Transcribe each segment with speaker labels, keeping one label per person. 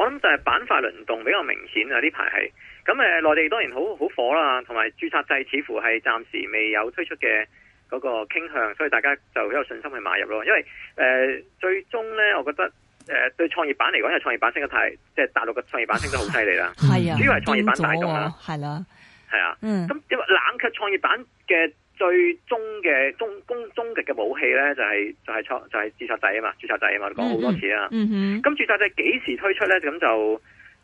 Speaker 1: 我諗就係板塊輪動比較明顯啊！呢排係咁誒，呃、內地當然好好火啦，同埋注冊制似乎係暫時未有推出嘅嗰個傾向，所以大家就有信心去買入咯。因爲誒、呃，最終咧，我覺得誒、呃，對創業板嚟講，因爲創業板升得太，即係大陸嘅創業板升得好犀利啦，係啊，主要係創業板大動啦，係啦，係啊，嗯，咁因爲冷卻創業板嘅。最終嘅終極極嘅武器呢，就係、是、就係、是、錯就係註冊制啊嘛！註冊制啊嘛，我講好多次啦。咁註冊制幾時推出呢？咁就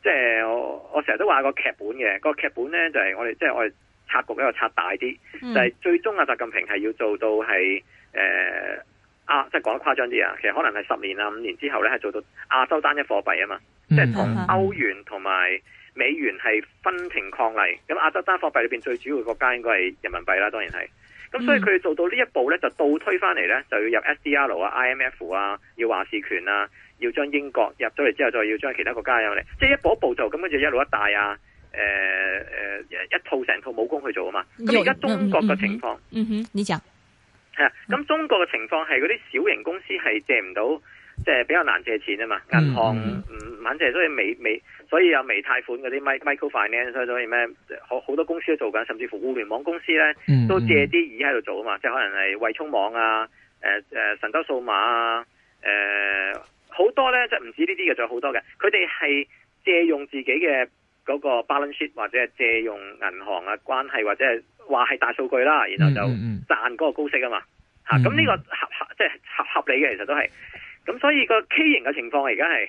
Speaker 1: 即係我我成日都話個劇本嘅個劇本呢，就係、是、我哋即係我哋拆局一，個一、嗯、就拆大啲，就係最終啊，習近平係要做到係誒、呃啊、即係講得誇張啲啊，其實可能係十年啊五年之後呢，係做到亞洲單一貨幣啊嘛，嗯、
Speaker 2: 即係同、嗯、歐
Speaker 1: 元同埋美元係分庭抗禮。咁亞洲單貨幣裏面最主要國家應該係人民幣啦，當然係。咁、嗯、所以佢做到呢一步咧，就倒推返嚟咧，就要入 SDR 啊、IMF 啊，要話事權啊，要將英國入咗嚟之後，再要將其他國家入嚟，即係一步一步做，咁樣就一路一帶啊，誒、呃、誒、呃，一套成套武功去做啊嘛。咁而家中國嘅情況、
Speaker 3: 嗯，嗯哼，呢只係啊，咁、嗯
Speaker 1: 嗯嗯嗯、中國嘅情況係嗰啲小型公司係借唔到，即、就、係、是、比較難借錢啊嘛，銀行唔唔借，所以未未。嗯嗯所以有微貸款嗰啲 micro finance，所以所以咩，好好多公司都做緊，甚至乎互聯網公司咧都借啲錢喺度做啊嘛，即係可能係慧聰網啊，誒、呃、誒神州數碼啊，誒、呃、好多咧，即係唔止呢啲嘅，仲有好多嘅，佢哋係借用自己嘅嗰個 balance sheet 或者係借用銀行啊關係或者係話係大數據啦，然後就賺嗰個高息啊嘛嚇，咁呢個合合即係合合理嘅，其實都係，咁所以那個畸形嘅情況而家係。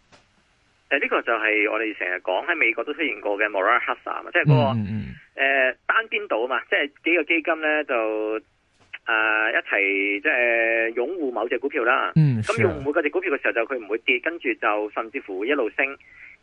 Speaker 1: 呢個就係我哋成日講喺美國都出現過嘅 Moral Hazard 嘛，即係嗰
Speaker 2: 個
Speaker 1: 誒單邊倒啊嘛，即係幾個基金咧就誒、呃、一齊即係擁護某隻股票啦。咁、嗯、擁護嗰隻股票嘅時候就佢唔會跌，跟住就甚至乎一路升。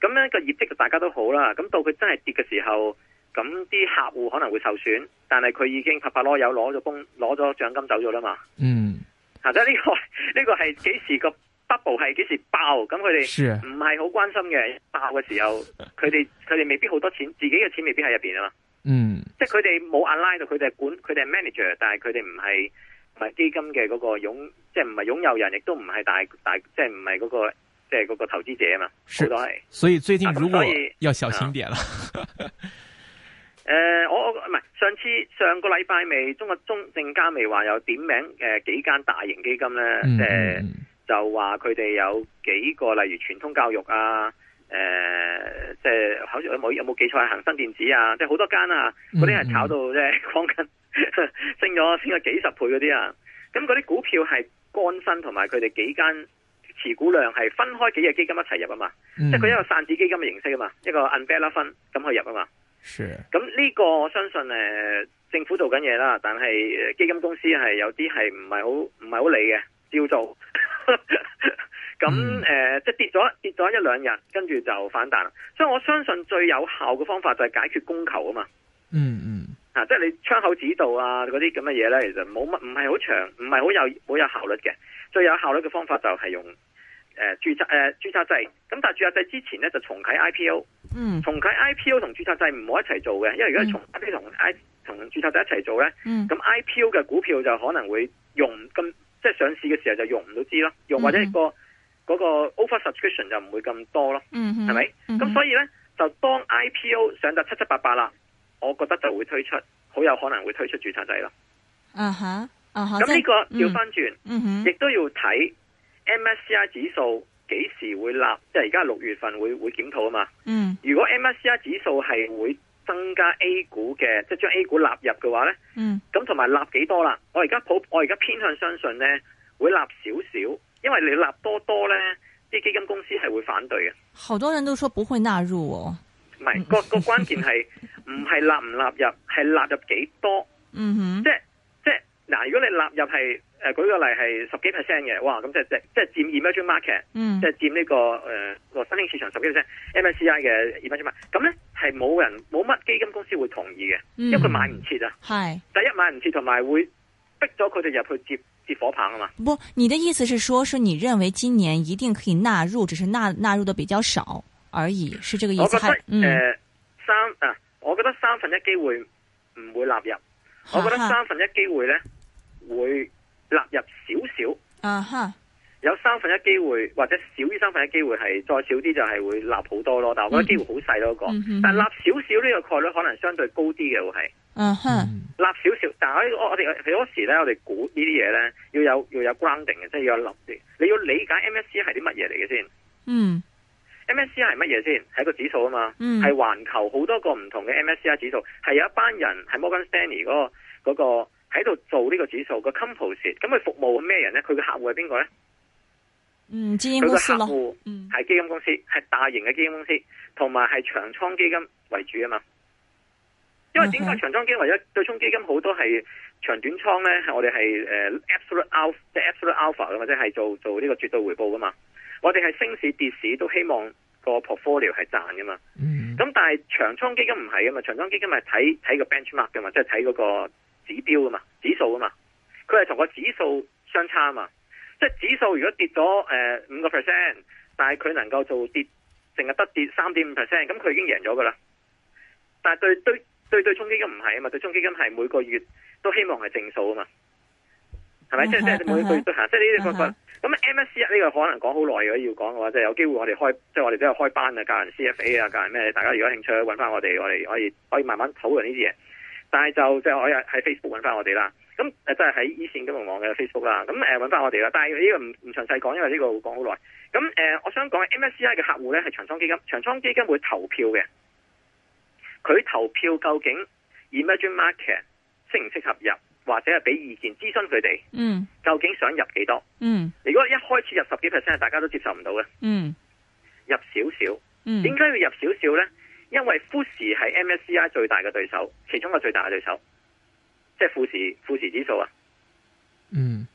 Speaker 1: 咁、那、樣個業績就大家都好啦。咁到佢真係跌嘅時候，咁啲客戶可能會受損，但係佢已經拍拍囉柚攞咗公攞咗獎金走咗啦嘛。嗯，啊、即係呢個呢個係幾時個？這個 Bubble 係幾時爆？咁佢哋唔係好關心嘅，是爆嘅時候，佢哋佢哋未必好多錢，自己嘅錢未必喺入邊啊嘛。嗯，即係佢哋冇 align 到佢哋係管，佢哋係 manager，但係佢哋唔係唔係基金嘅嗰個擁，即係唔係擁有人，亦都唔係大大，即係唔係嗰個即係、嗰個投資者啊嘛。好多係，所以最近如果要小心點誒、啊 呃，我唔係上次上個禮拜未，中國中證監會話有點名誒幾間大型基金咧，即係、嗯。呃嗯就話佢哋有幾個，例如全通教育啊，誒、呃，即係好似有冇有冇記錯係恒生電子啊，即係好多間啊，
Speaker 2: 嗰啲係炒到
Speaker 1: 即係講緊升咗升咗幾十倍嗰啲啊，咁嗰啲股票係乾身，同埋佢哋幾間持股量係分開幾隻基金一齊入啊嘛，嗯、即係佢一個散紙基金嘅形式啊嘛，一個 unbundled 分咁去入啊嘛。是。咁呢個我相信誒政府做緊嘢啦，但係基金公司係有啲係唔係好唔係好理嘅。叫照做咁誒 那、嗯呃，即係跌咗跌咗一兩日，跟住就反彈。所以我相信最有效嘅方法就係解決供求啊嘛。嗯嗯，嗯啊，即係你窗口指導啊，嗰啲咁嘅嘢咧，其實冇乜，唔係好長，唔係好有好有效率嘅。最有效率嘅方法就係用誒、呃、注冊誒、呃、注冊制。咁但係注冊制之前咧就重啟 IPO。嗯。重啟 IPO 同注冊制唔好一齊做嘅，因為如果係重 IPO 同 I 同、嗯、注冊制一齊做咧，咁 IPO 嘅股票就可能會用咁。即係上市嘅時候就用唔到資咯，用或者、那個嗰、mm hmm. 個 offer subscription 就唔會咁多咯，係咪、mm？咁、hmm. 所以呢，就當 IPO 上得七七八八啦，我覺得就會推出，好有可能會推出註冊制咯。
Speaker 3: 啊哈、uh，啊、huh. 哈、uh，咁、huh. 呢、這個反、mm hmm. 要翻
Speaker 1: 轉，亦都要睇 MSCI 指數幾時會立，即係而家六月份會會檢討啊嘛。嗯、
Speaker 2: mm，hmm. 如果
Speaker 1: MSCI 指數係會。增加 A 股嘅，即係將 A 股納入嘅話呢，
Speaker 2: 咁同埋
Speaker 1: 納幾多啦？我而家普，我而家偏向相信呢，會納少少，因為你納多多呢，啲基金公司係會反對嘅。
Speaker 3: 好多人都說不會納入哦，唔係是 個個
Speaker 1: 關鍵係唔係納唔納入，係納 入幾多？
Speaker 3: 嗯哼，
Speaker 1: 即係即係嗱、呃，如果你納入係。誒、呃，舉個例係十幾 percent 嘅，哇！咁即係即係即係佔 emerging market、嗯、即係佔呢個誒個、呃、新興市場十幾 percent，MSCI 嘅 emerging market，咁咧係冇人冇乜基金公司會同意嘅，嗯、因為佢買唔切啊。係是，第一買唔切，同埋會逼咗佢哋入去接接火棒啊嘛。
Speaker 3: 唔，你的意思是說，是你認為今年一定可以納入，只是納納入得比較少而已，是這個意思。我覺得
Speaker 1: 三、啊，我覺得三分一機會唔會納入，哈哈我覺得三分一機會咧會。納入少少，啊、
Speaker 3: uh
Speaker 1: huh. 有三分一機會或者少於三分一機會係再少啲就係會納好多咯，但係我覺得機會好細咯，個、mm hmm. 但係納少少呢個概率可能相對高啲嘅會係，啊哈、uh，納、huh. 少少，但係我我哋好多時咧，我哋估這些呢啲嘢咧要有要有 grounding 嘅，即係要有立啲，你要理解 MSCI 係啲乜嘢嚟嘅先，嗯，MSCI 係乜嘢先？係一個指數啊嘛，係環、mm hmm. 球好多個唔同嘅 MSCI 指數，係有一班人係摩根 Stanley 嗰個、那個。喺度做呢個指數、那個 composite，咁佢服務咩人咧？佢嘅客戶係邊個咧？唔
Speaker 2: 知。佢個客戶
Speaker 1: 係係基金公司，係、嗯、大型嘅基金公司，同埋係長倉基金為主啊嘛。因為點解長倉基金為主、Okay. 對沖基金好多係長短倉咧？係我哋係誒 absolute alpha 即係 absolute alpha 嘅，或者係做做呢個絕對回報噶嘛。我哋係升市跌市都希望個 portfolio 係賺噶嘛。咁、嗯、但係長倉基金唔係㗎嘛，長倉基金咪睇睇個 benchmark 嘅嘛，即係睇嗰個。指標啊嘛，指數啊嘛，佢係同個指數相差啊嘛，即係指數如果跌咗誒五個 percent，但係佢能夠做跌，成日得跌三點五 percent，咁佢已經贏咗噶啦。但係對對對對沖基金唔係啊嘛，對沖基金係每個月都希望係正數啊嘛，係咪？Uh huh, uh huh. 即係即係每個月都行，uh huh. 即係呢啲個個咁 MSCA 呢個可能講好耐，如果要講嘅話，即係有機會我哋開，即係我哋都有開班啊，教人 CFA 啊，教人咩？大家如果興趣，搵翻我哋，我哋可以可以慢慢討論呢啲嘢。但係就即係我又喺 Facebook 搵翻我哋啦，咁誒即係喺 e 線金融網嘅 Facebook 啦，咁誒搵翻我哋啦。但係呢個唔唔詳細講，因為呢個會講好耐。咁誒、呃，我想講 MSCI 嘅客戶咧係長倉基金，長倉基金會投票嘅。佢投票究竟 Emerging Market 適唔適合入，或者係俾意見諮詢佢哋。
Speaker 2: 嗯。
Speaker 1: 究竟想入幾多？嗯。如果一開始入十幾 percent，大家都接受唔到嘅。
Speaker 2: 嗯。
Speaker 1: 入少少。嗯。點解要入少少咧？因為富時係 MSCI 最大嘅對手，其中嘅最大嘅對手，即係富時，富時指數啊。嗯，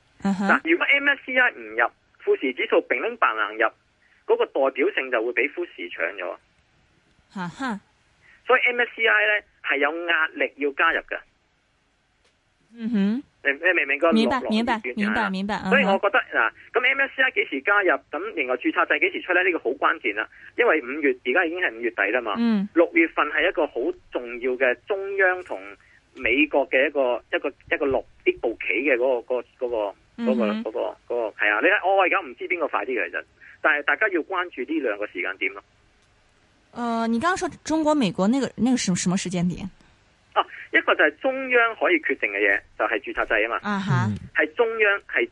Speaker 1: 如果 MSCI 唔入富時指數，並拎白硬入，嗰、嗰個代表性就會俾富時搶咗。啊哈。所以 MSCI 咧係有壓力要加入嘅。嗯哼。明明明個明白明白，所以我覺得嗱，咁、嗯、MSCI 幾時加入，咁然後註冊制幾時出咧？呢、這個好關鍵啦，因為五月而家已經係五月底啦嘛。六、嗯、月份係一個好重要嘅中央同美國嘅一個一個一個六啲部棋嘅嗰、那個嗰、那個、那個、嗯那個、那個係啊、那個嗯！你睇我而家唔知邊個快啲嘅其實，但係大家要關注呢兩個時間點咯。誒、
Speaker 3: 呃，你剛剛說中國美國那個那個什什麼時間點？
Speaker 1: 一個就係中央可以決定嘅嘢，就係、是、注冊制啊嘛。啊係、uh huh. 中央係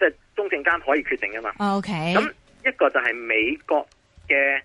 Speaker 1: 即係中證監可以決定啊嘛。
Speaker 3: O K、uh。咁、huh.
Speaker 1: 一個就係美國嘅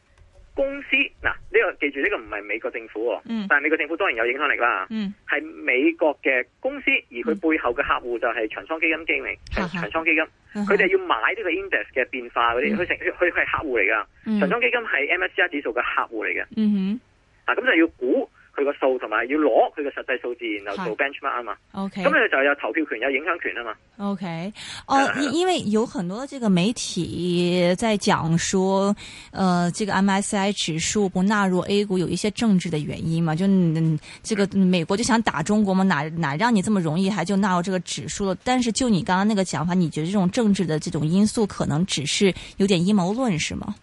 Speaker 1: 公司嗱，呢、這個記住呢、這個唔係美國政府、哦，uh huh. 但係美國政府當然有影響力啦。嗯、uh，係、huh. 美國嘅公司，而佢背後嘅客戶就係長倉基金經理，uh huh. 長倉基金，佢哋、uh huh. 要買呢個 index 嘅變化嗰啲，佢成係客戶嚟噶。嗯、uh，huh. 長倉基金係 MSCI 指數嘅客戶嚟嘅。嗯咁、uh huh. 啊、就要估。佢個數同埋要攞佢嘅實際數字，然後做 benchmark 啊嘛。OK，咁佢就有投票
Speaker 3: 權、有影響權啊嘛。OK，哦，因、啊、因為有很多這個媒體在講說，呃，這個 MSCI 指數不納入 A 股，有一些政治的原因嘛。就、嗯，這個美國就想打中國嘛，哪哪讓你這麼容易，還就納入這個指數了？但是就你剛剛那個講法，你覺得這種政治的這種因素，可能只是有點陰謀論，是嗎？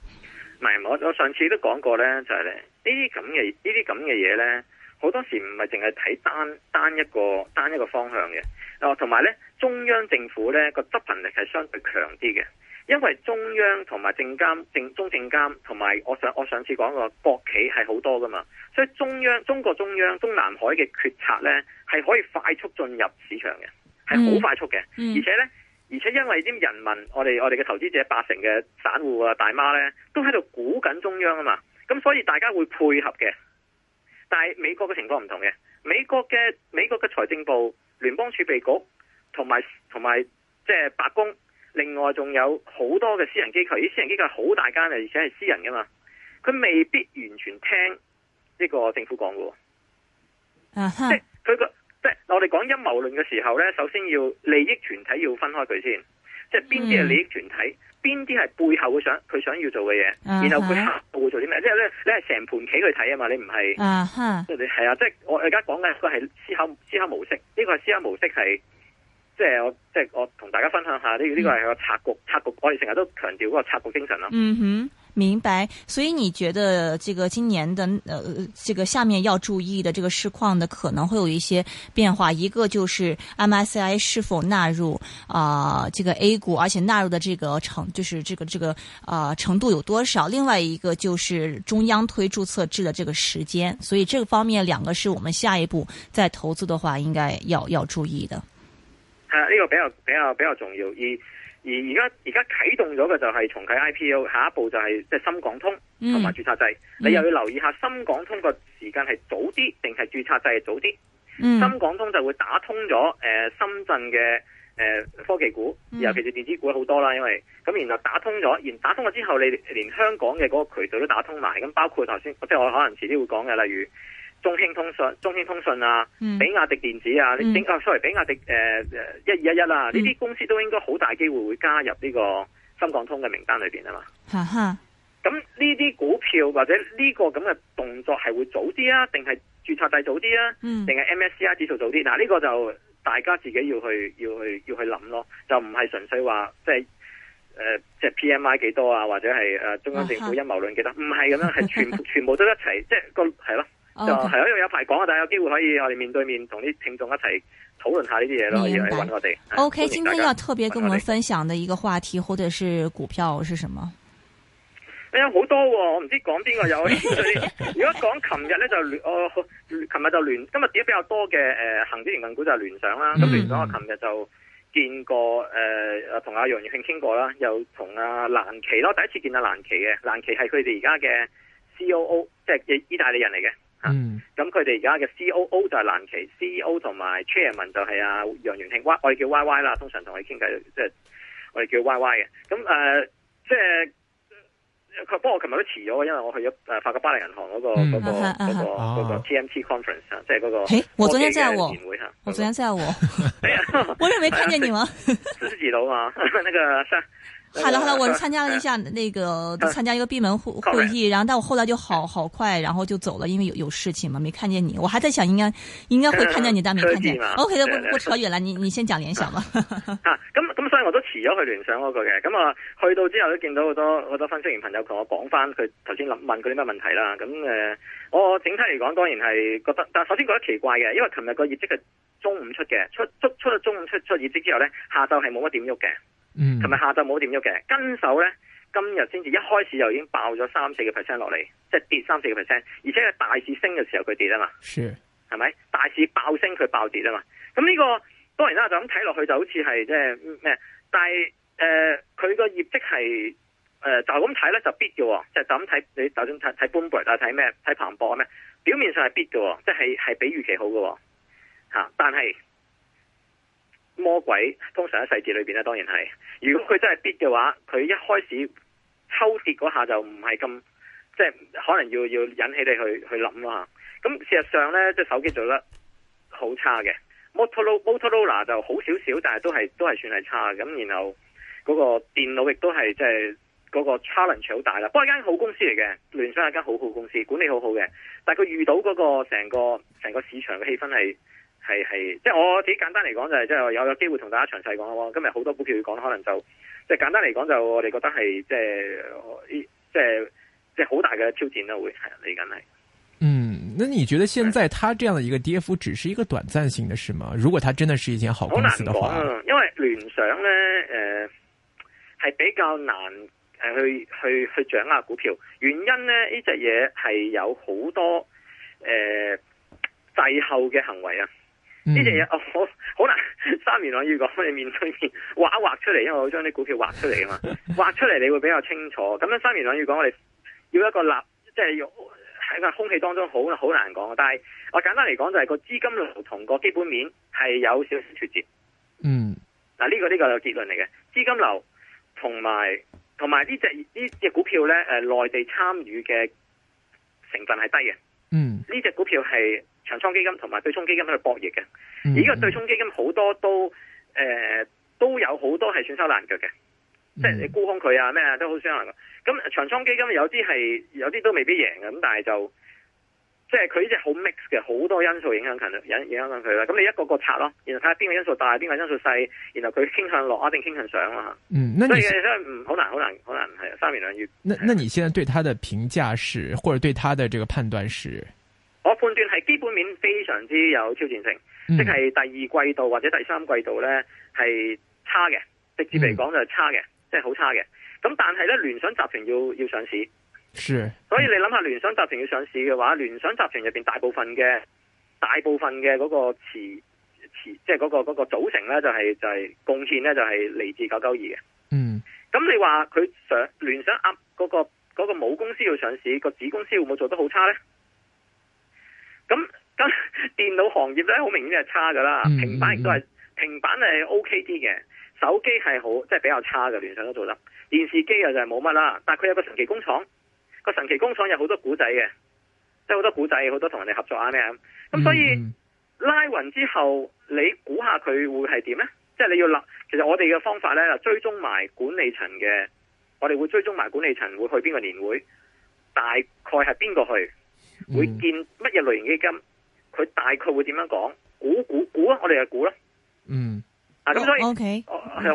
Speaker 1: 唔係，我我上次都講過咧，就係、是、咧，這些這些呢啲咁嘅呢啲咁嘅嘢咧，好多時唔係淨係睇單單一個單一個方向嘅。啊，同埋咧，中央政府咧個執行力係相對強啲嘅，因為中央同埋證監證中證監同埋，我上我上次講個國企係好多㗎嘛，所以中央中國中央中南海嘅決策咧係可以快速進入市場嘅，
Speaker 2: 係好快速
Speaker 1: 嘅，嗯嗯、而且咧。而且因為啲人民，我哋我哋嘅投資者，八成嘅散戶啊，大媽呢，都喺度估緊中央啊嘛，咁所以大家會配合嘅。但係美國嘅情況唔同嘅，美國嘅美國嘅財政部、聯邦儲備局同埋同埋即係白宮，另外仲有好多嘅私人機構，啲私人機構好大間啊，而且係私人噶嘛，佢未必完全聽呢個政府講嘅。Uh huh. 即係佢個。即係我哋講陰謀論嘅時候咧，首先要利益團體要分開佢先，即係邊啲係利益團體，邊啲係背後會想佢想要做嘅嘢，uh huh. 然後佢下一步會做啲咩？即係咧，你係成盤棋去睇啊嘛，你唔係啊即係你係啊，即係我而家講嘅，嗰係思考思考模式，呢、這個係思考模式係，即係我即係我同大家分享下呢呢、這個係個策局、uh huh. 策局，我哋成日都強調嗰個策局精神咯。嗯
Speaker 3: 哼、uh。Huh. 明白，所以你覺得這個今年的呃，這個下面要注意的這個市況的可能會有一些變化。一個就是 MSCI 是否納入啊、呃、這個 A 股，而且納入的這個程就是這個這個啊、呃、程度有多少？另外一個就是中央推注冊制的這個時間，所以這個方面兩個是我們下一步在投資的話應該要要注意的。
Speaker 1: 啊，呢、這個比較比較比較重要。一而而家而家啟動咗嘅就係重啟 IPO，下一步就係即係深港通同埋註冊制，嗯嗯、你又要留意下深港通個時間係早啲定係註冊制係早啲。嗯、
Speaker 2: 深港
Speaker 1: 通就會打通咗誒、呃、深圳嘅誒、呃、科技股，尤其是電子股好多啦，因為咁然後打通咗，然打通咗之後，你連香港嘅嗰個渠道都打通埋，咁包括頭先，即係我可能遲啲會講嘅，例如。中興通訊、中興通訊啊，嗯、比亞迪電子啊，呢頂、嗯呃、啊，sorry 比亞迪誒誒一二一一啦，呢啲、嗯、公司都應該好大機會會加入呢個深港通嘅名單裏邊啊嘛。咁呢啲股票或者呢個咁嘅動作係會早啲啊，定係註冊制早啲啊，定係 MSCI 指數早啲？嗱、啊、呢、這個就大家自己要去要去要去諗咯，就唔係純粹話即係誒、呃、即係 PMI 幾多啊，或者係誒中央政府陰謀論幾多，唔係咁樣，係全部 全部都一齊，即係個係咯。哦，係咯就，因為 Okay. 有排講啊，但係有機會可以我哋面對面同啲聽眾一齊討論下呢啲嘢咯，白以嚟揾我哋。O Okay , K，今天要特別跟我們
Speaker 3: 分享的一個話題，或者是股票，是什麼？
Speaker 1: 哎呀，好多、哦，我唔知講邊個有。 如果講琴日咧，就聯哦，琴日就聯，今日跌比較多嘅誒，恒指成分股就聯想啦。咁聯想我琴日就見過誒，同阿楊元慶傾過啦，又同阿蘭奇咯，第一次見阿蘭奇嘅，蘭奇係佢哋而家嘅 C O O，即係意大利人嚟嘅。嗯，咁佢哋而家嘅 C O O 就係蘭奇，C E O 同埋 Chairman 就係阿楊元慶，我我哋叫 Y Y 啦，通常同佢傾偈，即係我哋叫 Y Y 嘅。咁、嗯、誒、呃，即係佢，不過我琴日都遲咗，因為我去咗誒，法國巴黎銀行嗰、那個嗰、嗯那個嗰、啊哈那個、啊、哈個 T M T Conference 啊，即係嗰個。我我昨天在我，
Speaker 3: 我昨天在我，沒 我也沒看見你嗎？
Speaker 1: 這是幾啊？個好了好了，嗯、我是參加了一下
Speaker 3: 那個參、嗯、加一個閉門會會議，嗯、然後但我後來就好好快，然後就走了，因為有有事情嘛，沒看見你。我還在想應該應該會看見你，但沒看見。OK，不不扯遠了、
Speaker 1: 嗯、你你先講聯想嘛。啊、嗯、咁、嗯、咁，所以我都遲咗去聯想嗰個嘅。咁啊，去到之後都見到好多好多分析員朋友同我講翻佢頭先諗問佢啲咩問題啦。咁誒，我整體嚟講，當然係覺得，但首先覺得奇怪嘅，因為琴日個業績係中午出嘅，出出出咗中午出出了業績之後咧，下晝係冇乜點喐嘅。琴日、嗯、下晝冇點喐嘅，跟手咧今日先至一開始就已經爆咗三四個 percent 落嚟，即係跌三四個 percent，而且係大市升嘅時候佢跌啊嘛，係咪是？大市爆升佢爆跌啊嘛？咁、嗯、呢、呢個當然啦，就咁睇落去就好似係即係咩？但係誒，佢、呃、個業績係誒、呃、就咁睇咧就 beat 嘅、哦，即就咁睇你就算睇睇 Bloomberg，睇咩？睇彭博咩？表面上係 beat 嘅，即係係比預期好嘅吓、哦，但係。魔鬼通常喺細節裏邊咧，當然係。如果佢真係必嘅話，佢一開始抽跌嗰下就唔係咁，即係可能要要引起你去去諗啦。咁事實上呢，即係手機做得好差嘅，摩托羅摩托羅拉就好少少，但係都係都係算係差的。咁然後嗰個電腦亦都係即係嗰個 challenge 好大啦。不過間好公司嚟嘅，聯想係間好好公司，管理好好嘅，但係佢遇到嗰個成個成個市場嘅氣氛係。係係，即係我自己簡單嚟講就係、是，即係有有機會同大家詳細講咯。今日好多股票要講，可能就即係簡單嚟講，就我哋覺得係即係，即係即係好大嘅挑戰啦。會係嚟緊係。嗯，
Speaker 4: 那你覺得現在它這樣的一個跌幅，只是一個短暫性的事嗎？如果它真的是一件好公司的話，啊、
Speaker 1: 因為聯想呢誒係、呃、比較難去去去掌握股票，原因呢呢隻嘢係有好多誒滯、呃、後嘅行為啊。呢隻嘢，我好難三言兩語講，我哋面對面畫一畫出嚟，因為我將啲股票畫出嚟啊嘛，畫出嚟你會比較清楚。咁 樣三言兩語講，我哋要一個立，即係要喺個空氣當中好難好難講。但係我簡單嚟講，就係個資金流同個基本面係有少少脫節。嗯，嗱呢、啊這個呢、這個、個結論嚟嘅，資金流同埋同埋呢隻呢隻股票咧，誒，內地參與嘅成分係低嘅。嗯，呢隻股票係長倉基金同埋對沖基金喺度博弈嘅。嗯、
Speaker 2: 而家個對
Speaker 1: 沖基金好多都誒、呃、都有好多係損手爛腳嘅，嗯、即係你沽空佢啊咩啊都好損手爛腳。咁長倉基金有啲係有啲都未必贏嘅，咁但係就。即係佢呢隻好 mix 嘅，好多因素影響緊佢，影影響緊佢啦。咁你一個個拆咯，然後睇下邊個因素大，邊個因素細，然後佢傾向落啊定傾向上啊。嗯，所以真係唔好難，好難，好難係三言兩語。
Speaker 4: 那吧那你現在對他的評價是，或者對他的這個判斷是？
Speaker 1: 我判斷係基本面非常之有挑戰性，嗯、即係第二季度或者第三季度呢係差嘅，直接嚟講就係差嘅，即係好差嘅。咁但係呢，聯想集團要要上市。是所以你諗下聯想集團要上市嘅話，聯想集團入邊大部分嘅大部分嘅嗰個持持，即係嗰個嗰、那個組成咧、就是，就係、是、就係貢獻咧，就係嚟自九九二嘅。嗯，咁你話佢上聯想 up、那、嗰個、那個母公司要上市，個子公司會唔會做得好差咧？咁咁電腦行業咧，好明顯係差噶啦，平板亦都係平板係 OK 啲嘅，手機係好即係、就是、比較差嘅，聯想都做得電視機啊就係冇乜啦，但係佢有個神奇工廠。個神奇工廠有好多古仔嘅，即係好多古仔，好多同人哋合作啊咩咁，所以、嗯、拉匀之後，你估下佢會係點呢？即係你要諗，其實我哋嘅方法呢，追蹤埋管理層嘅，我哋會追蹤埋管理層會去邊個年會，大概係邊個去，會見乜嘢類型基金，佢大概會點樣講，估估估啊，我哋就估咯，嗯。Oh, OK，很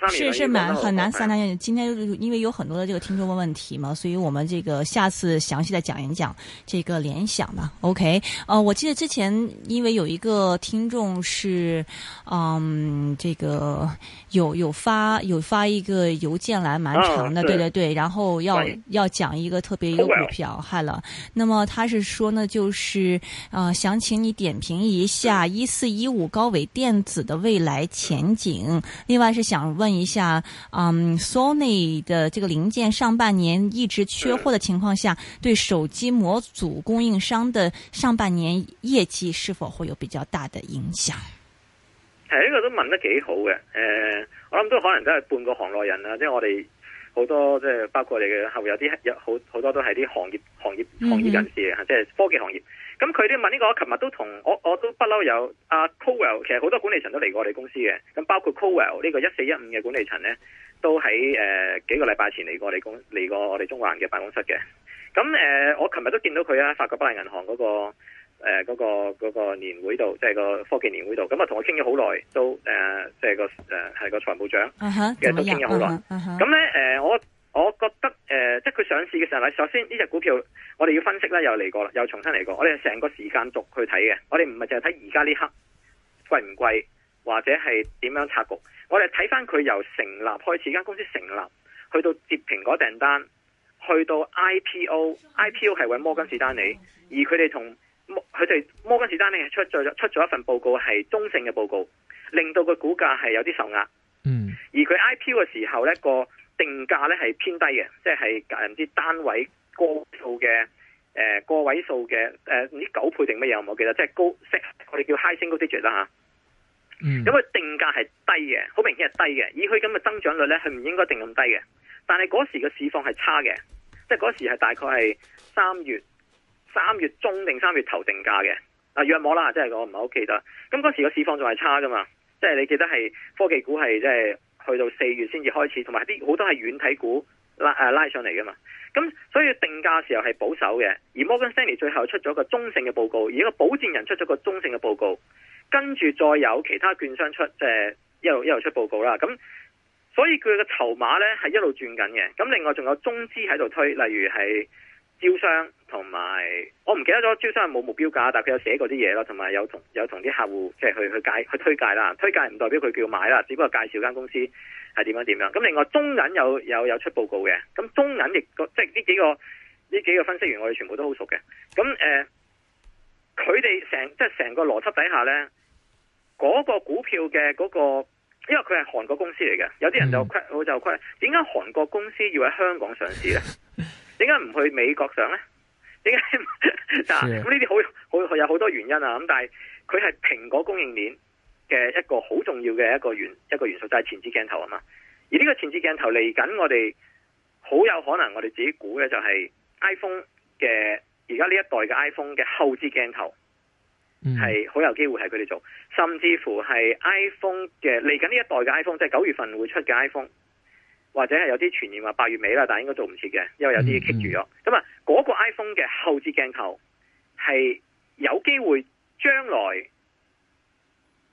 Speaker 1: 很是是蠻很難
Speaker 3: 三連。難今天就是因為有很多的這個聽眾問問題嘛，所以我們這個下次詳細的講一講這個聯想吧。OK，呃，我記得之前因為有一個聽眾是，嗯，這個有有發有發一個郵件來蠻長的，oh, 對對對，是然後要迎要講一個特別一個股票，害了。Hello 那麼他是說呢，就是呃，想請你點評一下一四一五高偉電子的未來前前景，另外是想問一下，嗯，Sony 的這個零件上半年一直缺貨的情況下，對手機模組供應商的上半年業績是否會有比較大的影響？
Speaker 1: 係呢個都問得幾好嘅，誒、呃，我諗都可能都係半個行內人啦，即係我哋好多即係包括你嘅客戶有啲有好好多都係啲行業行業行業人士啊，嗯嗯即係科技行業。咁佢啲問呢、呢個，我琴日都同我我都不嬲有阿、啊、Cowell 其實好多管理層都嚟過我哋公司嘅，咁包括 Cowell 呢個一四一五嘅管理層咧，都喺、呃、幾個禮拜前嚟過我哋公嚟過我哋中環嘅辦公室嘅。咁、呃、我琴日都見到佢啊，法國巴黎銀行嗰、嗰個呃嗰個嗰個年會度，即係個科技年會度，咁啊同我傾咗好耐，都即係、呃就係、個誒係、呃、個財務長，啊、哈其實都傾咗好耐。咁咧、啊啊呃、我。我覺得誒、呃，即係佢上市嘅時候啦。首先呢隻股票，我哋要分析啦，又嚟過啦，又重新嚟過。我哋成個時間軸去睇嘅，我哋唔係淨係睇而家呢刻貴唔貴，或者係點樣拆局。我哋睇翻佢由成立開始，間公司成立去到接蘋果訂單，去到 IPO，IPO、嗯、係搵摩根士丹尼，嗯、而佢哋同佢哋摩根士丹利係出咗出咗一份報告係中性嘅報告，令到個股價係有啲受壓。嗯，而佢 IPO 嘅時候呢個。定價咧係偏低嘅，即係唔知單位個、呃、位數嘅，誒個位數嘅，誒唔知九倍定乜嘢我唔記得，即係高成我哋叫 high single digit 啦吓。嗯。
Speaker 2: 咁佢
Speaker 1: 定價係低嘅，好明顯係低嘅。以佢咁嘅增長率咧，係唔應該定咁低嘅。但係嗰時嘅市況係差嘅，即係嗰時係大概係三月三月中定三月頭定價嘅，啊約莫啦，即係我唔係好記得。咁嗰時嘅市況仲係差噶嘛？即係你記得係科技股係即係。去到四月先至開始，同埋啲好多係軟體股拉拉上嚟嘅嘛，咁所以定價時候係保守嘅，而摩根士丹利最後出咗個中性嘅報告，而一個保薦人出咗個中性嘅報告，跟住再有其他券商出即係、呃、一路一路出報告啦，咁所以佢嘅籌碼呢係一路轉緊嘅，咁另外仲有中資喺度推，例如係，招商同埋，我唔記得咗招商係冇目標價，但係佢有寫過啲嘢咯，同埋有同有同啲客戶即係去去介去推介啦。推介唔代表佢叫買啦，只不過介紹間公司係點樣點樣。咁另外中銀有有有出報告嘅，咁中銀亦即係呢幾個呢幾個分析員，我哋全部都好熟嘅。咁誒，佢哋成即係成個邏輯底下呢，嗰個股票嘅嗰個，因為佢係韓國公司嚟嘅，有啲人就虧好就虧，點解韓國公司要喺香港上市呢？ 點解唔去美國上呢？點解？咁呢啲好，好的有好多原因啊！咁但係佢係蘋果供應鏈嘅一個好重要嘅一個元，一個元素就係、是、前置鏡頭啊嘛。而呢個前置鏡頭嚟緊，我哋好有可能我哋自己估嘅就係 iPhone 嘅而家呢一代嘅 iPhone 嘅後置鏡頭係好、嗯、有機會係佢哋做，甚至乎係 iPhone 嘅嚟緊呢一代嘅 iPhone，即係九月份會出嘅 iPhone。或者係有啲傳言話八月尾啦，但係應該做唔切嘅，因為有啲棘住咗。咁啊、嗯，嗰、嗯、個 iPhone 嘅後置鏡頭係有機會將來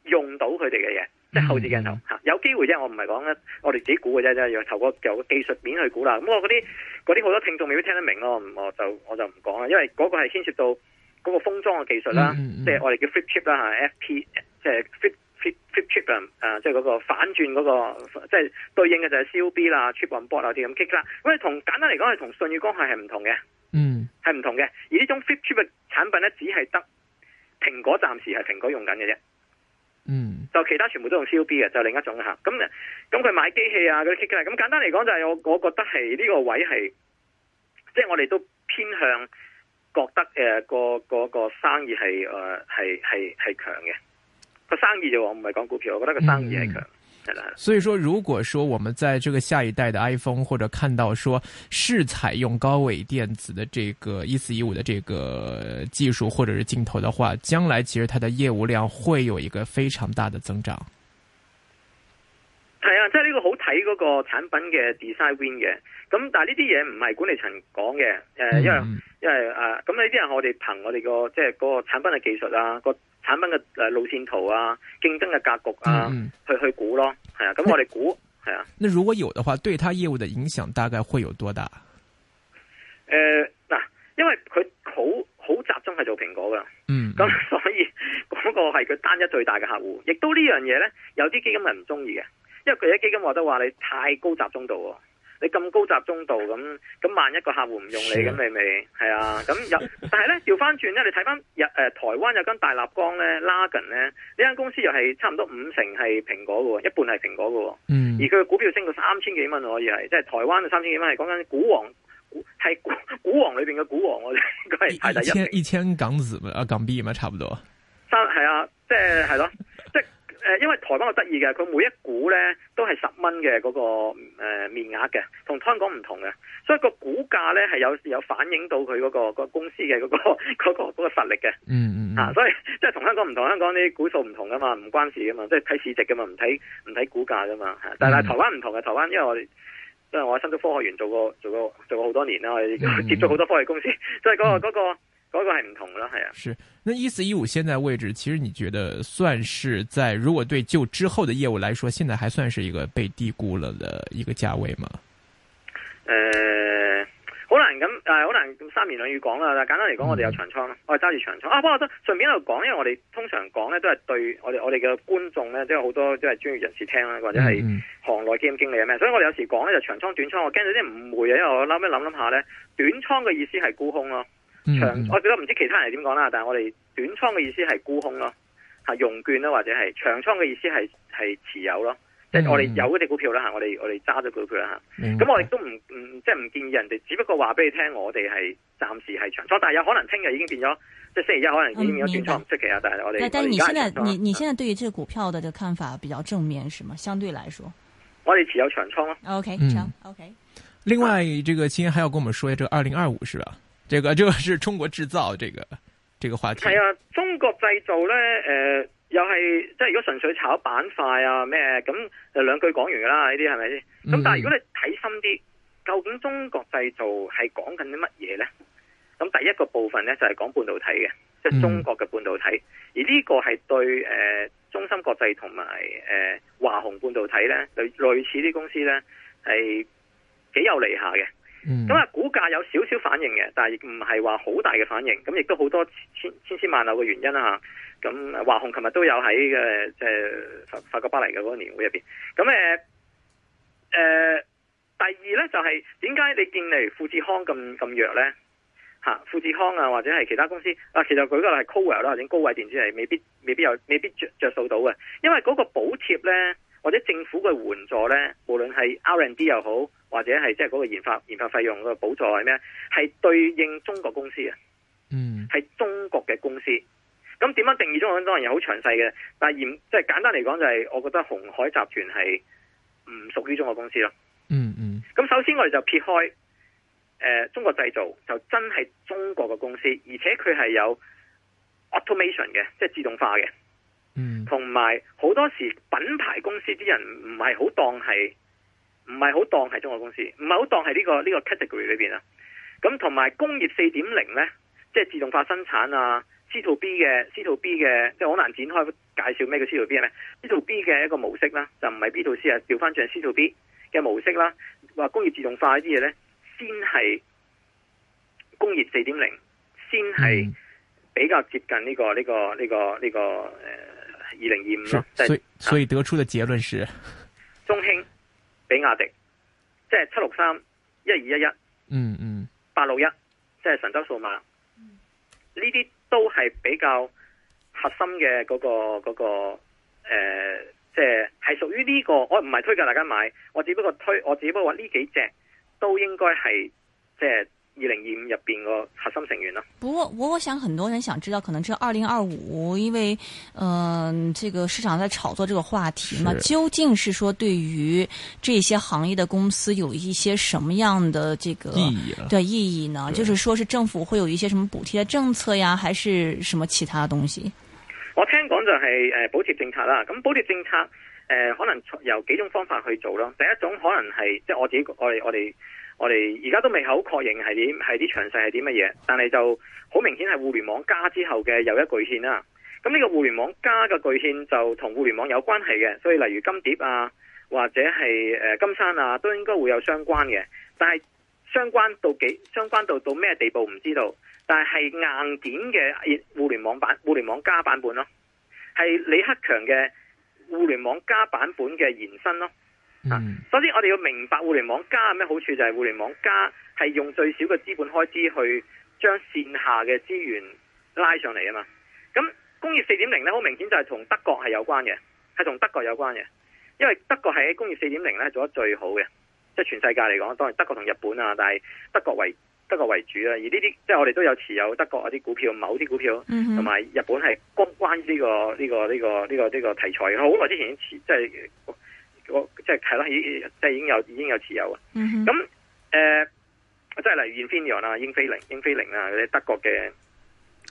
Speaker 1: 用到佢哋嘅嘢，嗯、
Speaker 2: 即係後置鏡頭嚇，
Speaker 1: 嗯嗯、有機會啫。我唔係講咧，我哋自己估嘅啫啫，要透過由技術面去估啦。咁我嗰啲啲好多聽眾未必聽得明咯，我就我就唔講啦。因為嗰個係牽涉到嗰個封裝嘅技術啦，即係、嗯嗯、我哋叫 flip chip 啦嚇，FP 即係 flip。Flip Trip 啊，即係、呃就是、個反轉嗰、那個，即、就、係、是、對應嘅就係 COB 啦，Trip on Board 嗰啲咁 Kick 啦，咁係同簡單嚟講係同信譽光係係唔同嘅，
Speaker 2: 嗯，
Speaker 1: 係唔同嘅。而呢種 Flip Trip 嘅產品咧，只係得蘋果暫時係蘋果用緊嘅啫，嗯，mm. 就其他全部都用 COB 嘅，就另一種吓。咁咁佢買機器啊嗰啲 Kick 啊，咁簡單嚟講就係我我覺得係呢個位係，即、就、係、是、我哋都偏向覺得誒、呃那個個、那個生意係誒係係係強嘅。呃生意就唔係講股票，我覺得個生意係嘅。
Speaker 4: 所以說，如果說我們在這個下一代的 iPhone 或者看到說是採用高偉電子的這個一四一五的這個技術或者是鏡頭的話，將來其實它的業務量會有一個非常大的增長。即係
Speaker 1: 呢個。喺嗰個產品嘅 design win 嘅，咁但係呢啲嘢唔係管理層講嘅，誒、呃，嗯、因為因為誒，咁呢啲係我哋憑我哋個即係個產品嘅技術啊，個產品嘅路線圖啊，競爭嘅格局啊，嗯、去去估咯，係啊，咁我哋估係啊。
Speaker 4: 那如果有的話，對他業務嘅影響大概會有多大？
Speaker 1: 誒，嗱，因為佢好好集中係做蘋果噶，嗯，咁所以嗰個係佢單一最大嘅客戶，亦都呢樣嘢咧，有啲基金係唔中意嘅。因為佢一基金話得話你太高集中度，你咁高集中度咁咁，咁咁萬一個客戶唔用你咁，咪咪係啊咁、啊 啊。但係咧調翻轉咧，你睇翻日誒台灣有間大立光咧，Largan 咧呢間公司又係差唔多五成係蘋果嘅，一半係蘋果嘅。嗯、而佢嘅股票升到三千幾蚊可以係，即係台灣嘅三千幾蚊係講緊股王，係股王裏邊嘅股王，我哋應該係一。一千， 一,千一
Speaker 4: 千港紙，啊，港幣嘛，差唔多。
Speaker 1: 三係啊，即係係咯。 誒，因為台灣我得意嘅，佢每一股咧都係十蚊嘅嗰個誒面額嘅，同香港唔同嘅，所以個股價咧係有有反映到佢嗰個個公司嘅嗰個嗰個嗰個實力嘅。嗯嗯嗯、啊。所以即係同香港唔同，香港啲股數唔同噶嘛，唔關事噶嘛，即係睇市值噶嘛，唔睇唔睇股價噶嘛。啊、嗯嗯，但係台灣唔同嘅，台灣因為我因為我喺新竹科學園做過做過做過好多年啦，我哋接觸好多科技公司，嗯嗯所以嗰個嗰個。嗯，嗰個嗰個係唔同咯，係啊。
Speaker 4: 是，那一四一五現在位置，其實你覺得算是在如果對就之後嘅業務來說，現在還算是一個被低估了的一個價位嗎？誒、
Speaker 1: 呃，好難咁，誒、呃，好難三言兩語講啦。但簡單嚟講，我哋有長倉咯，嗯、我揸住長倉。啊，不過都順便喺度講，因為我哋通常講咧都係對我哋我哋嘅觀眾咧，即係好多即係專業人士聽啦，或者係行內基金經理咩，嗯、所以我哋有時講咧就是、長倉短倉，我驚咗啲誤會啊。因為我諗一諗諗下咧，短倉嘅意思係沽空咯。長，嗯、我唔知道其他人點講啦，但係我哋短倉嘅意思係沽空咯，用融券啦，或者係長倉嘅意思係係持有咯，
Speaker 2: 即係、嗯、我哋有
Speaker 1: 嗰隻股票啦吓，我哋我哋揸咗股票啦吓，咁、嗯嗯、我亦都唔唔即係唔建議人哋，只不過話俾你聽，我哋係暫時係長倉，但係有可能聽日已經變咗，即、就、係、是、星期一可能已經變咗短倉唔出奇啊，但係我哋。嗯、但係你現在你
Speaker 3: 你現在對於這個股票嘅看法比較正面，是嗎？相對來說，
Speaker 1: 我哋持有長倉咯。OK，OK、嗯。Okay、
Speaker 4: 另外，這個今日還要跟我們說一下，這個二零二五是吧？這個，這個是中國製造，這個，這個話題。係
Speaker 1: 啊，中國製造呢誒、呃，又係即係如果純粹炒板塊啊咩，咁就兩句講完噶啦，呢啲係咪先？咁、嗯、但係如果你睇深啲，究竟中國製造係講緊啲乜嘢呢？咁第一個部分呢就係、是、講半導體嘅，
Speaker 3: 即、就、係、是、中國
Speaker 1: 嘅半導體，嗯、而呢個係對誒、呃、中芯國際同埋誒華虹半導體呢類類似啲公司呢係幾有利下嘅。咁啊、嗯，股價有少少反應嘅，但係唔係話好大嘅反應，咁亦都好多千，千千絲萬縷嘅原因啦吓。咁、啊、華雄琴日都有喺嘅即係法國巴黎嘅嗰個年會入邊。咁誒誒，第二咧就係點解你見嚟富士康咁咁弱咧？吓、啊，富士康啊，或者係其他公司啊，其實佢嗰個係 Coil 啦，或者高位電子係未必未必有未必着着數到嘅，因為嗰個補貼咧。或者政府嘅援助咧，無論係 R&D 又好，或者係即係嗰個研發研發費用個補助係咩？係對應中國公司啊，嗯，係中國嘅公司。咁點樣定義中國當然又好詳細嘅，但係嚴即係簡單嚟講就係，我覺得紅海集團係唔屬於中國公司咯。嗯嗯。咁首先我哋就撇開，誒、呃，中國製造就真係中國嘅公司，而且佢係有 automation 嘅，即係自動化嘅。同埋好多時品牌公司啲人唔係好當係，唔係好當係中國公司，唔係好當係呢個呢個 category 裏邊啊。咁同埋工業四點零呢，即係自動化生產啊，C to B 嘅 C to B 嘅，即係好難展開介紹咩叫 C to B 咧。C to B 嘅一個模式啦，就唔係 B to C 啊，調翻轉 C to B 嘅模式啦。話工業自動化呢啲嘢呢，先係工業四點零，先係比較接近呢個呢個嗯呢個呢個誒。呃二零二五，所
Speaker 4: 以得出嘅結論是，
Speaker 1: 中興、比亞迪，即係七六三、一二一一，嗯嗯，八六一，即係神州數碼，呢啲都係比較核心嘅嗰個個，誒、那個，即係係屬於呢個。我唔係推介大家買，我只不過推，我只不過話呢幾隻都應該係即係。就是二零二五入邊個核心成員咯。
Speaker 3: 不過，我我想很多人想知道，可能這二零二五，因為，嗯、呃，這個市場在炒作這個話題嘛，的究竟是說對於這些行業的公司有一些什麼樣的這個意義、對、意義呢？是的就是說，是政府會有一些什麼補貼政策呀，還是什麼其他東西？
Speaker 1: 我聽講就係誒補貼政策啦。咁補貼政策誒、呃，可能有幾種方法去做咯。第一種可能係即係我自己，我哋我哋。我哋而家都未好確認係點係啲詳細係啲乜嘢，但係就好明顯係互聯網加之後嘅又一巨獻啦、啊。咁呢個互聯網加嘅巨獻就同互聯網有關係嘅，所以例如金蝶啊，或者係金山啊，都應該會有相關嘅。但係相關到幾相關到到咩地步唔知道，但係係硬件嘅互聯網版互聯網加版本咯、啊，係李克強嘅互聯網加版本嘅延伸咯、啊。嗯，首先我哋要明白互聯網加有咩好處，就係互聯網加係用最少嘅資本開支去將線下嘅資源拉上嚟啊嘛。咁工業四點零咧，好明顯就係同德國係有關嘅，係同德國有關嘅，因為德國係喺工業四點零咧做得最好嘅，即係全世界嚟講，當然德國同日本啊，但係德國為德國為主啊。而呢啲即係我哋都有持有德國啊啲股票，某啲股票，同埋、嗯、哼日本係關關於呢、呢個呢、呢個呢、呢個呢、呢個呢、呢個題材嘅。好耐之前已持，即、就、係、是。我即係係咯，已即係已經有已經有持有啊。咁誒、嗯哼呃，即係例如英飛揚啊，英飛凌、英飛凌啊，啲德國嘅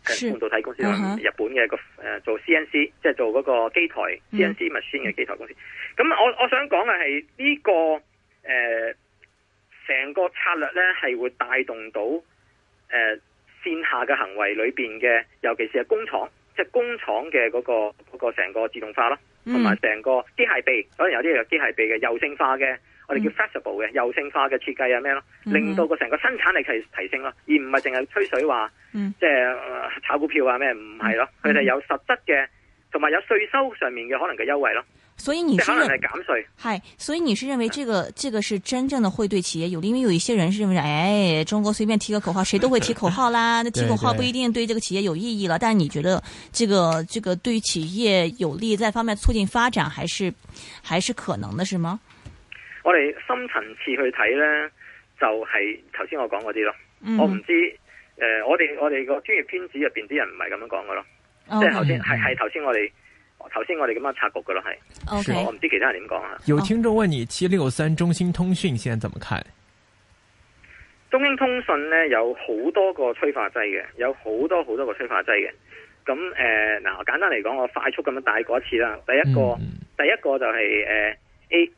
Speaker 1: 誒半導體公司，是日本嘅個誒、呃、做 CNC，即係做嗰個機台、嗯、哼 CNC machine 嘅機台公司。咁我我想講嘅係呢個誒成、呃、個策略咧，係會帶動到誒、呃、線下嘅行為裏邊嘅，尤其是係工廠，即、就、係、是、工廠嘅嗰個嗰、那個成個自動化咯。同埋成個機械臂，可能有啲嘅機械臂嘅柔性化嘅，我哋叫 flexible 嘅柔性化嘅設計啊，咩咯，令到個成個生產力提提升咯，而唔係淨係吹水話，即係炒股票啊咩，唔係咯，佢哋有實質嘅，同埋有稅收上面嘅可能嘅優惠咯。所以你、這個、可能是減稅，
Speaker 3: 係，所以你是認為這個、嗯、這個是真正的會對企業有利，因為有一些人是認為，誒、哎，中國隨便提個口號，誰都會提口號啦，嗯、那提口號不一定對這個企業有意義啦。對對對但你覺得、這個，這個這個對於企業有利，在方面促進發展，還是還是可能的，是嗎？
Speaker 1: 我哋深層次去睇呢就係頭先我講嗰啲咯。嗯、我唔知，誒、呃，我哋我哋個專業圈子入邊啲人唔係咁樣講嘅咯
Speaker 4: ，okay, 即係頭先係
Speaker 1: 係頭先我哋。頭先我哋咁樣拆局噶咯，係。Okay. 我唔知其他人點講啊。有
Speaker 4: 聽眾問你七六三中興通訊現在怎麼看？
Speaker 1: 中興通訊呢有好多個催化劑嘅，有好多好多個催化劑嘅。咁、嗯、誒、嗱、呃、簡單嚟講，我快速咁樣帶過一次啦。第一個，第一個就係、是、誒、呃、A 誒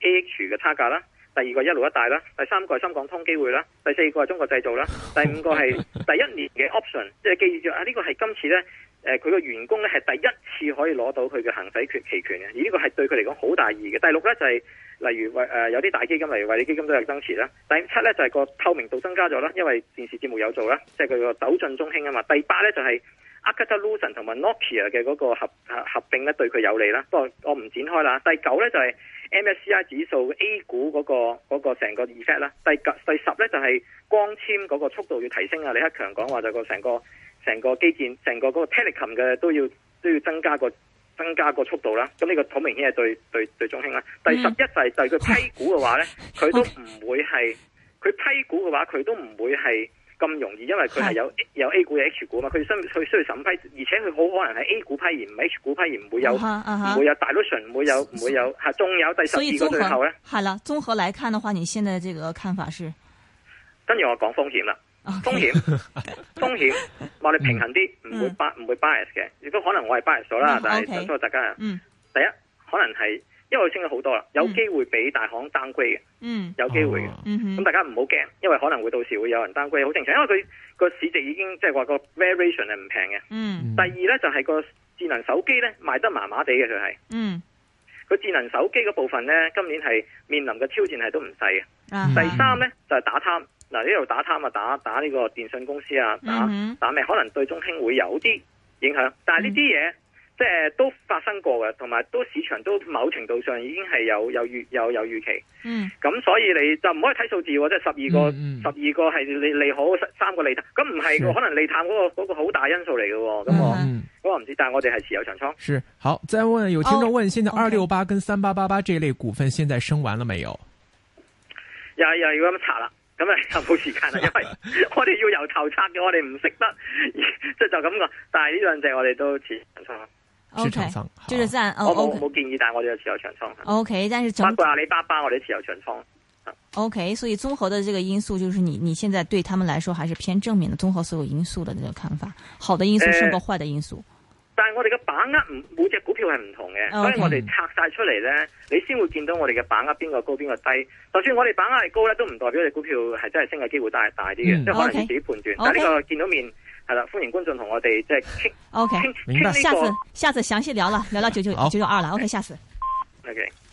Speaker 1: AH 嘅差價啦。第二個一路一帶啦。第三個係深港通機會啦。第四個係中國製造啦。 第五個係第一年嘅 option，即係記住啊，呢、這個係今次呢。誒佢個員工咧係第一次可以攞到佢嘅行使權期權嘅，而呢個係對佢嚟講好大意義嘅。第六咧就係、是、例如為、呃、有啲大基金，例如惠理基金都有增持啦。第七咧就係、是、個透明度增加咗啦，因為電視節目有做啦，即係佢個走進中興啊嘛。第八咧就係、是、Alcatel-Lucent 同埋 Nokia、ok、嘅嗰個合合併咧對佢有利啦，不過我唔展開啦。第九咧就係、是、MSCI 指數 A 股嗰、那個嗰成、那個、個 effect 啦。第第十咧就係、是、光纖嗰個速度要提升啊！李克強講話就是、個成個。成個基建，成個嗰個 telecom 嘅都要都要增加個增加個速度啦。咁、這、呢個好明顯係對對對中興啦。第十一、嗯、就係佢批股嘅話咧，佢 都唔會係佢 批股嘅話，佢都唔會係咁容易，因為佢係有 有 A 股有 H 股嘛。佢審佢需要審批，而且佢好可能係 A 股批而唔係 H 股批而唔會有唔 會有大 location 唔會有唔會有吓。仲 有第十二個最後咧，
Speaker 3: 係啦，綜合嚟看嘅話，你現在嘅這個看法是
Speaker 1: 跟住我講風險啦。風險風險，話你平衡啲，唔會唔會 bias 嘅，亦都可能我係 bias 咗啦，但係想希望大家。第一，可能係因為升咗好多啦，有機會俾大行 downgrade 嘅，
Speaker 2: 有機會嘅。咁大家
Speaker 1: 唔好驚，因為可能會到時會有人 downgrade，好正常，因為佢個市值已經即係話個 variation 係唔平嘅。第二咧就係個智能手機咧賣得麻麻地嘅就係，個智能手機嗰部分咧今年係面臨嘅挑戰係都唔細嘅。第三咧就係打貪。嗱呢度打貪啊，打打呢個電信公司啊，
Speaker 2: 打打
Speaker 1: 咩可能對中興會有啲影響，但係呢啲嘢即係都發生過嘅，同埋都市場都某程度上已經係有有預有有預期。嗯，咁所以你就唔可以睇數字，即係十二個十二個係利利好三個利淡，咁唔係個可能利淡嗰個嗰個好大因素嚟嘅。咁我我唔知，但係我哋係持有長倉。
Speaker 4: 是好，再問有聽眾問：現在二六八跟三八八八這類股份現在升完了沒有？
Speaker 1: 又又要咁查啦！咁啊又冇時間啦，因為我哋要由頭拆嘅，我哋唔識得，即係 就咁噶、這個。但係呢兩隻我哋都持有長倉，持有長倉，就是這樣。好我冇 Okay. 建議，但係我哋有持有長倉。OK，但是包括阿里巴巴，我哋持有長倉。
Speaker 3: OK，所以綜合的這個因素，就是你你現在對他們來說還是偏正面嘅。綜合所有因素的呢個看法，好的因素勝過壞的因素。欸
Speaker 1: 但係我哋嘅把握唔每隻股票係唔同嘅，Okay. 所以我哋拆晒出嚟咧，你先會見到我哋嘅把握邊個高邊個低。就算我哋把握係高咧，都唔代表隻股票係真係升嘅機會大大啲嘅，即係、嗯、可能你自己判斷。但呢 Okay. 個見到面係啦，歡迎觀眾同我哋即係傾傾
Speaker 3: 傾呢個。下次下次詳細聊啦，聊到九九九九二啦。OK，下次。
Speaker 1: OK。